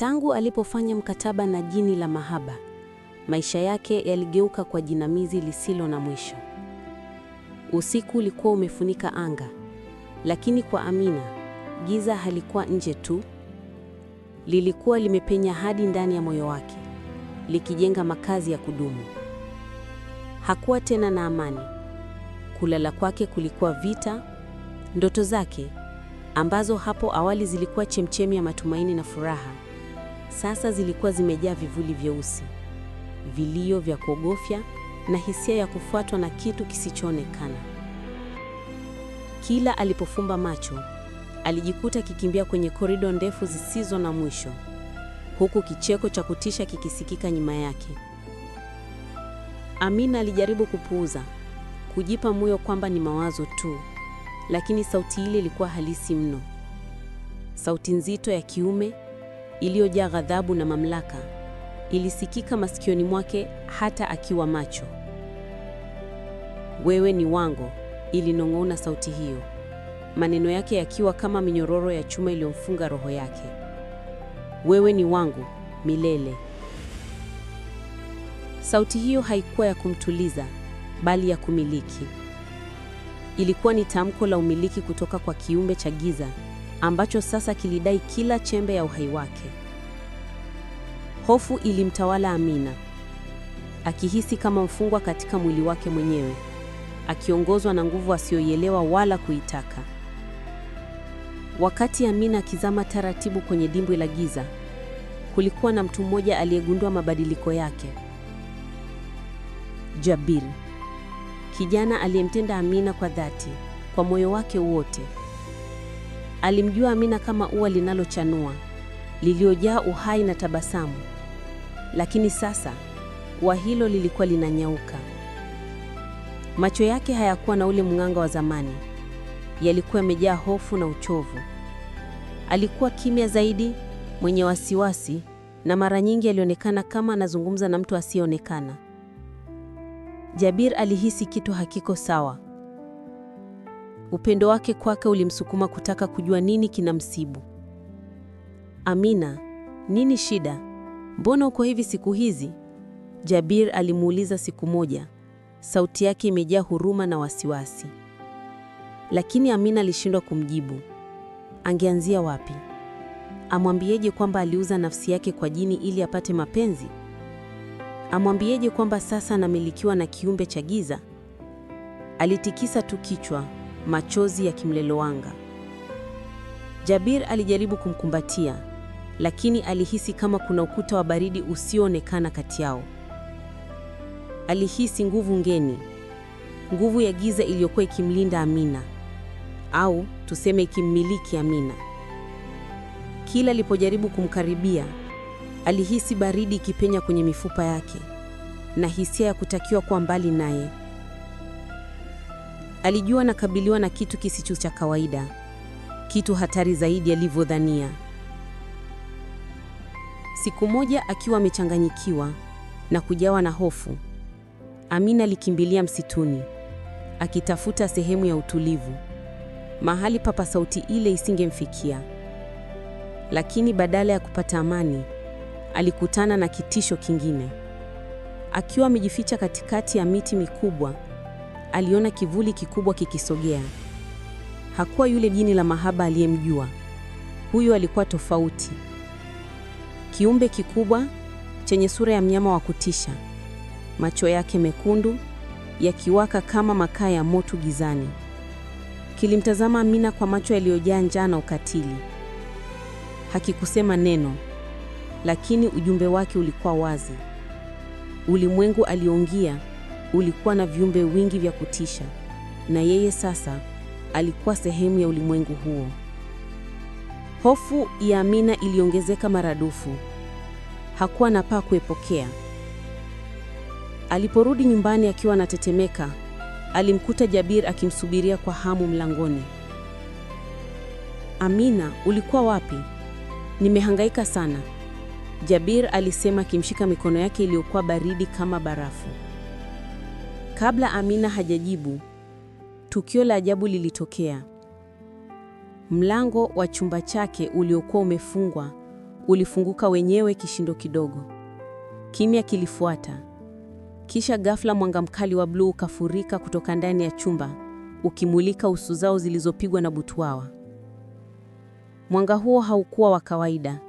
Tangu alipofanya mkataba na jini la mahaba, maisha yake yaligeuka kwa jinamizi lisilo na mwisho. Usiku ulikuwa umefunika anga, lakini kwa Amina giza halikuwa nje tu, lilikuwa limepenya hadi ndani ya moyo wake, likijenga makazi ya kudumu. Hakuwa tena na amani. Kulala kwake kulikuwa vita. Ndoto zake ambazo hapo awali zilikuwa chemchemi ya matumaini na furaha sasa zilikuwa zimejaa vivuli vyeusi, vilio vya kuogofya na hisia ya kufuatwa na kitu kisichoonekana. Kila alipofumba macho, alijikuta kikimbia kwenye korido ndefu zisizo na mwisho, huku kicheko cha kutisha kikisikika nyuma yake. Amina alijaribu kupuuza, kujipa moyo kwamba ni mawazo tu, lakini sauti ile ilikuwa halisi mno, sauti nzito ya kiume iliyojaa ghadhabu na mamlaka ilisikika masikioni mwake hata akiwa macho. Wewe ni wangu, ilinong'ona sauti hiyo, maneno yake yakiwa kama minyororo ya chuma iliyomfunga roho yake. Wewe ni wangu milele. Sauti hiyo haikuwa ya kumtuliza, bali ya kumiliki. Ilikuwa ni tamko la umiliki kutoka kwa kiumbe cha giza ambacho sasa kilidai kila chembe ya uhai wake. Hofu ilimtawala Amina, akihisi kama mfungwa katika mwili wake mwenyewe, akiongozwa na nguvu asiyoielewa wala kuitaka. Wakati Amina akizama taratibu kwenye dimbwi la giza, kulikuwa na mtu mmoja aliyegundua mabadiliko yake. Jabir, kijana aliyemtenda Amina kwa dhati, kwa moyo wake wote. Alimjua Amina kama ua linalochanua, liliojaa uhai na tabasamu. Lakini sasa ua hilo lilikuwa linanyauka. Macho yake hayakuwa na ule mng'anga wa zamani. Yalikuwa yamejaa hofu na uchovu. Alikuwa kimya zaidi, mwenye wasiwasi na mara nyingi alionekana kama anazungumza na mtu asiyeonekana. Jabir alihisi kitu hakiko sawa. Upendo wake kwake ulimsukuma kutaka kujua nini kinamsibu. Amina, nini shida? Mbona uko hivi siku hizi? Jabir alimuuliza siku moja, sauti yake imejaa huruma na wasiwasi. Lakini Amina alishindwa kumjibu. Angeanzia wapi? Amwambieje kwamba aliuza nafsi yake kwa jini ili apate mapenzi? Amwambieje kwamba sasa anamilikiwa na kiumbe cha giza? Alitikisa tu kichwa machozi ya kimlelowanga Jabir alijaribu kumkumbatia, lakini alihisi kama kuna ukuta wa baridi usioonekana kati yao. Alihisi nguvu ngeni, nguvu ya giza iliyokuwa ikimlinda Amina, au tuseme ikimmiliki Amina. Kila alipojaribu kumkaribia, alihisi baridi ikipenya kwenye mifupa yake na hisia ya kutakiwa kuwa mbali naye. Alijua anakabiliwa na kitu kisicho cha kawaida, kitu hatari zaidi alivyodhania. Siku moja akiwa amechanganyikiwa na kujawa na hofu, Amina alikimbilia msituni akitafuta sehemu ya utulivu, mahali papa sauti ile isingemfikia. Lakini badala ya kupata amani, alikutana na kitisho kingine. Akiwa amejificha katikati ya miti mikubwa aliona kivuli kikubwa kikisogea. Hakuwa yule jini la mahaba aliyemjua. Huyu alikuwa tofauti, kiumbe kikubwa chenye sura ya mnyama wa kutisha, macho yake mekundu yakiwaka kama makaa ya moto gizani. Kilimtazama Amina kwa macho yaliyojaa njaa na ukatili. Hakikusema neno, lakini ujumbe wake ulikuwa wazi. Ulimwengu aliongia ulikuwa na viumbe wingi vya kutisha, na yeye sasa alikuwa sehemu ya ulimwengu huo. Hofu ya Amina iliongezeka maradufu. Hakuwa na pa kuepokea. Aliporudi nyumbani akiwa anatetemeka, alimkuta Jabir akimsubiria kwa hamu mlangoni. Amina, ulikuwa wapi? Nimehangaika sana, Jabir alisema akimshika mikono yake iliyokuwa baridi kama barafu. Kabla Amina hajajibu, tukio la ajabu lilitokea. Mlango wa chumba chake uliokuwa umefungwa ulifunguka wenyewe kishindo kidogo. Kimya kilifuata. Kisha ghafla mwanga mkali wa bluu ukafurika kutoka ndani ya chumba, ukimulika uso zao zilizopigwa na butwawa Mwanga huo haukuwa wa kawaida.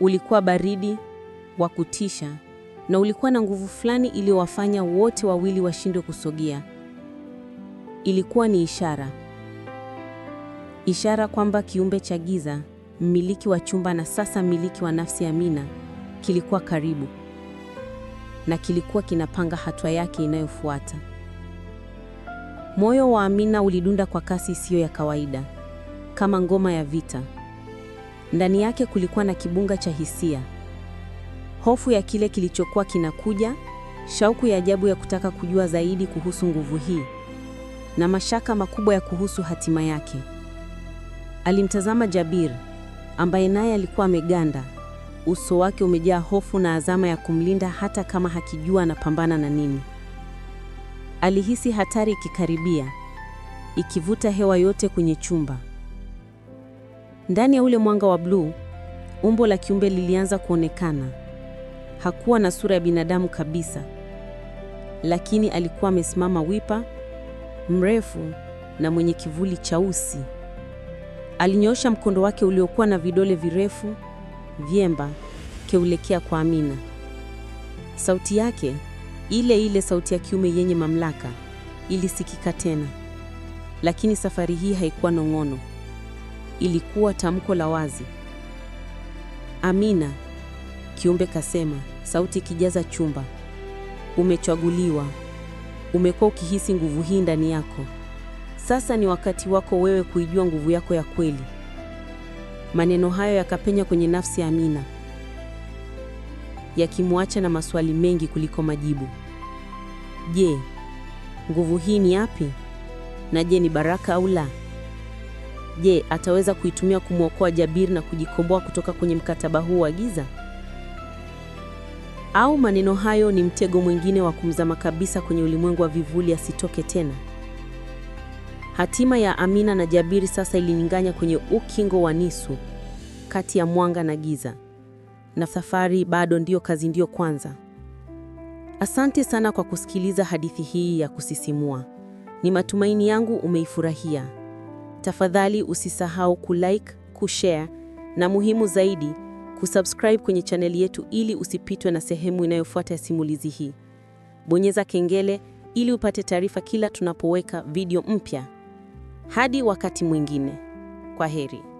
Ulikuwa baridi, wa kutisha na ulikuwa na nguvu fulani iliyowafanya wote wawili washindwe kusogea. Ilikuwa ni ishara, ishara kwamba kiumbe cha giza, mmiliki wa chumba na sasa mmiliki wa nafsi ya Amina, kilikuwa karibu na kilikuwa kinapanga hatua yake inayofuata. Moyo wa Amina ulidunda kwa kasi isiyo ya kawaida, kama ngoma ya vita. Ndani yake kulikuwa na kibunga cha hisia hofu ya kile kilichokuwa kinakuja, shauku ya ajabu ya kutaka kujua zaidi kuhusu nguvu hii, na mashaka makubwa ya kuhusu hatima yake. Alimtazama Jabir ambaye naye alikuwa ameganda, uso wake umejaa hofu na azama ya kumlinda hata kama hakijua anapambana na nini. Alihisi hatari ikikaribia, ikivuta hewa yote kwenye chumba. Ndani ya ule mwanga wa bluu, umbo la kiumbe lilianza kuonekana hakuwa na sura ya binadamu kabisa, lakini alikuwa amesimama wipa, mrefu na mwenye kivuli cheusi. Alinyoosha mkondo wake uliokuwa na vidole virefu vyemba keulekea kwa Amina. Sauti yake ile ile, sauti ya kiume yenye mamlaka, ilisikika tena, lakini safari hii haikuwa nong'ono, ilikuwa tamko la wazi. Amina, kiumbe kasema sauti ikijaza chumba. Umechaguliwa, umekuwa ukihisi nguvu hii ndani yako. Sasa ni wakati wako wewe kuijua nguvu yako ya kweli. Maneno hayo yakapenya kwenye nafsi ya Amina, yakimwacha na maswali mengi kuliko majibu. Je, nguvu hii ni yapi? Na je, ni baraka au la? Je, ataweza kuitumia kumwokoa Jabir na kujikomboa kutoka kwenye mkataba huu wa giza? Au maneno hayo ni mtego mwingine wa kumzama kabisa kwenye ulimwengu wa vivuli asitoke tena? Hatima ya Amina na Jabiri sasa ilining'anya kwenye ukingo wa nisu kati ya mwanga na giza, na safari bado ndiyo kazi, ndiyo kwanza. Asante sana kwa kusikiliza hadithi hii ya kusisimua. Ni matumaini yangu umeifurahia. Tafadhali usisahau kulike, kushare na muhimu zaidi kusubscribe kwenye chaneli yetu ili usipitwe na sehemu inayofuata ya simulizi hii. Bonyeza kengele ili upate taarifa kila tunapoweka video mpya. Hadi wakati mwingine, kwa heri.